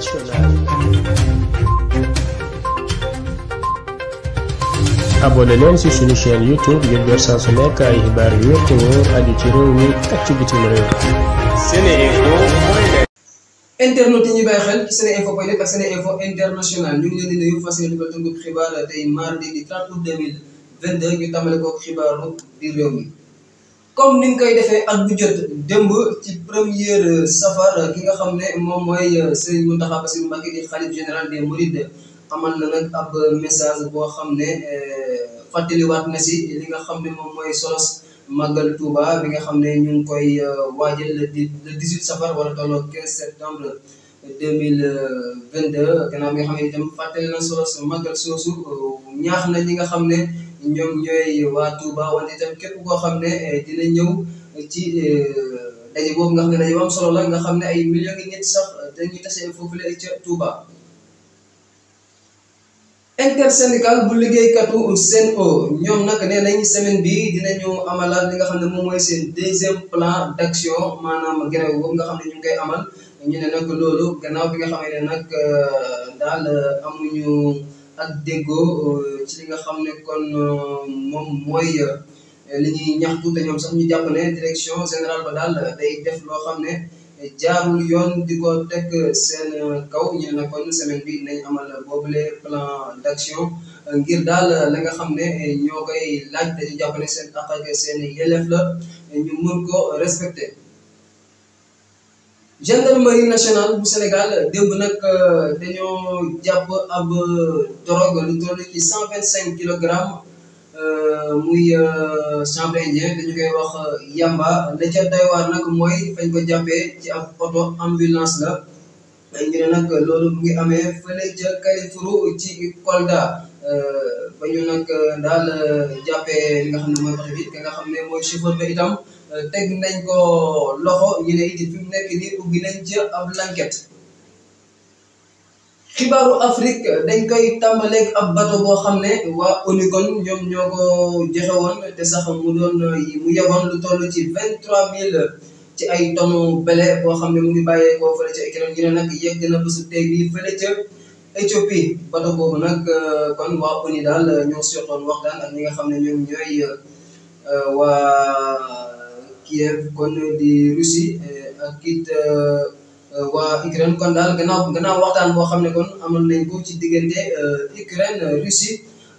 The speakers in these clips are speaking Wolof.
internationale. abonné leen ci suñu chaîne youtube ngir jot saa xibaar yu wér te wóor ci réew mi ak ci bitim réew. seneinfo.net. internet yi ñuy bàyyi xel ci seneinfo.net ak seneinfo international ñu ngi leen di nuyu fas yéene xibaar tey di ko xibaaru réew mi. comme ni nga koy defee ak bu jot démb ci première safar ki nga xam ne moom mooy euh, Serigne Mountakha Bassirou Mbacké di xalif général des Mourides amal na nag ab message boo xam ne euh, fàttaliwaat na si li nga xam ne moom mooy solos màggal Touba bi nga xam ne ñu ngi koy euh, waajal le 18 safar wala tolloo 15 septembre 2022 gannaaw bi nga xam ne itam fàttali na solos màggal soosu ñaax na ñi nga xam ne. ñoom ñooy waa Touba wala itam képp koo xam ne eh, dina ñëw eh, ci eh, daje boobu xam ne daje bu am la nga xam ne ay millions ngi nit sax dañuy tase foofu la nañ semaine bi dinañu amalaat li xam ne moom mooy seen deuxième plan d'action maanaam grève boobu nga xam ne ñu ngi koy amal ñu ne nag loolu gannaaw bi nga xam ne nag daal amuñu. ak déggoo euh, ci nga xam ne kon euh, mooy euh, li ñuy ñaxtu te ñoom sax ñu jàpp direction générale ba daal day def loo xam ne jaarul yoon di ko teg seen kaw ñu ne kon semaine bi nañ amal boobule plan d'action ngir daal na nga xam ne ñoo koy laaj dañu jàpp ne seen àq ak seen yelleef la ñu mën ko respecté. gendarmerie nationale bu Sénégal démb nag euh, dañoo jàpp ab drogue lu toll ci cent vingt cinq kilogrammes euh, muy euh, chanvre dañu koy wax yamba la ca doy mooy fañ ko jàppee ci ab oto ambulance la ñu ne loolu mu ngi amee fële ca Kalifuru ci Kolda ba ñu nag daal jàppee nga xam ne mooy oto bi itam. Euh, teg nañ ko loxo yéen it fi nekk nii ubbi ci ab xibaaru Afrique dañ koy tàmbaleeg ab bato boo xam ne waa Onicon ñoom ñoo ko joxe te sax mu doon mu yeboon lu toll ci vingt trois mille ci ay tonu bele boo xam ne mu ngi bàyyeekoo fële ca Ukraine ñu ne nag yegg na bésu tey bii fële bato boobu nag euh, kon waa Oni daal ñoo seetoon waxtaan ak ñi xam ne ñooy euh, waa. Kiev kon di Russie eh, ak it eh, eh, waa Ukraine kon daal gannaaw gannaaw waxtaan boo xam ne kon amal nañ ko ci diggante Ukraine Russie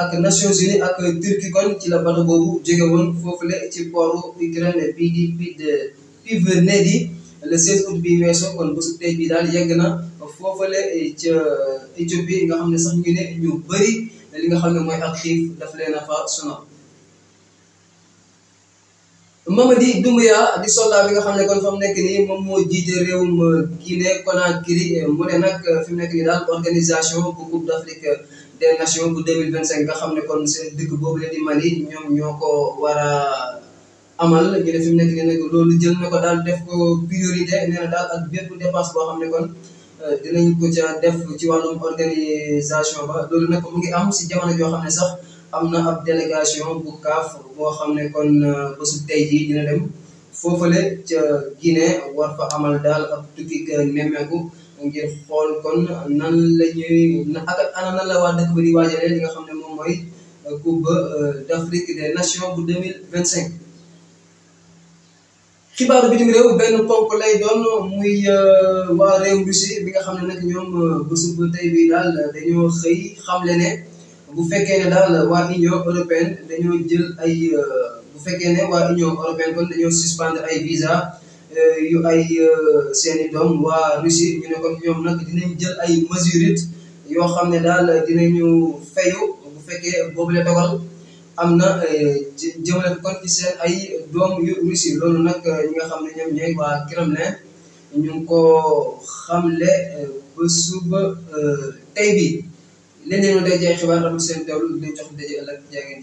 ak Nations Unies ak Turquie kon ci la bato boobu jóge woon foofule ci pooru Ukraine bii di bii de Pivnedi le 16 août bi weesoo kon bésu tey bii daal yegg na foofale ca Éthiopie nga xam ne sax ñu ne ñu bëri li nga xam ne mooy ak xiif daf leen a mama Mamady Doumbouya di soldat bi nga xam ne kon fa mu nekk nii moom moo jiite réewum euh, Guinée Conakry mu ne nag euh, fi mu nekk nii daal organisation bu Coupe d'Afrique des Nations bu 2025 nga xam ne kon seen dëkk boobu la di Mali ñoom ñoo ko war a amal ñu ne fi mu nekk nii nag loolu jël na ko daal def ko priorité nee na daal ak bépp dépense boo xam ne kon euh, dinañ ko ca def ci wàllum organisation ba loolu nag mu ngi am si jamono joo xam ne sax. am na ab délégation bu CAF boo xam ne kon euh, bésu tey jii dina dem foofale ca Guinée war amal daal ab tukki nemmeeku ngir xool kon nan la ñuy ak nan la waa dëkk ba di waajalee li nga xam ne moom mooy euh, Coupe euh, d'Afrique des Nations bu deux mille vingt cinq. xibaaru bitim réew benn ponk lay doon muy waa réew bi nga xam ne nag ñoom bésu tey bi daal dañoo xëy xamle ne. bu fekkee ne daal waa union européenne dañoo jël ay euh, bu fekkee ne waa union européenne kon dañoo suspendre ay visa euh, yu ay euh, seen i doom waa Russie ñu ne kon ñoom nag dinañ jël ay mesures yoo xam ne daal dinañu fayu bu fekkee boobu la dogal am na jëmale kon ci seen ay doom yu Russie loolu nag ñi nga xam ne ñoom ñooy waa Kremlin ñu ngi ko xamle ba tey bi leneen ñu dajee xibaar am seen teewlu dina jox daje ëllëg jaa ngeen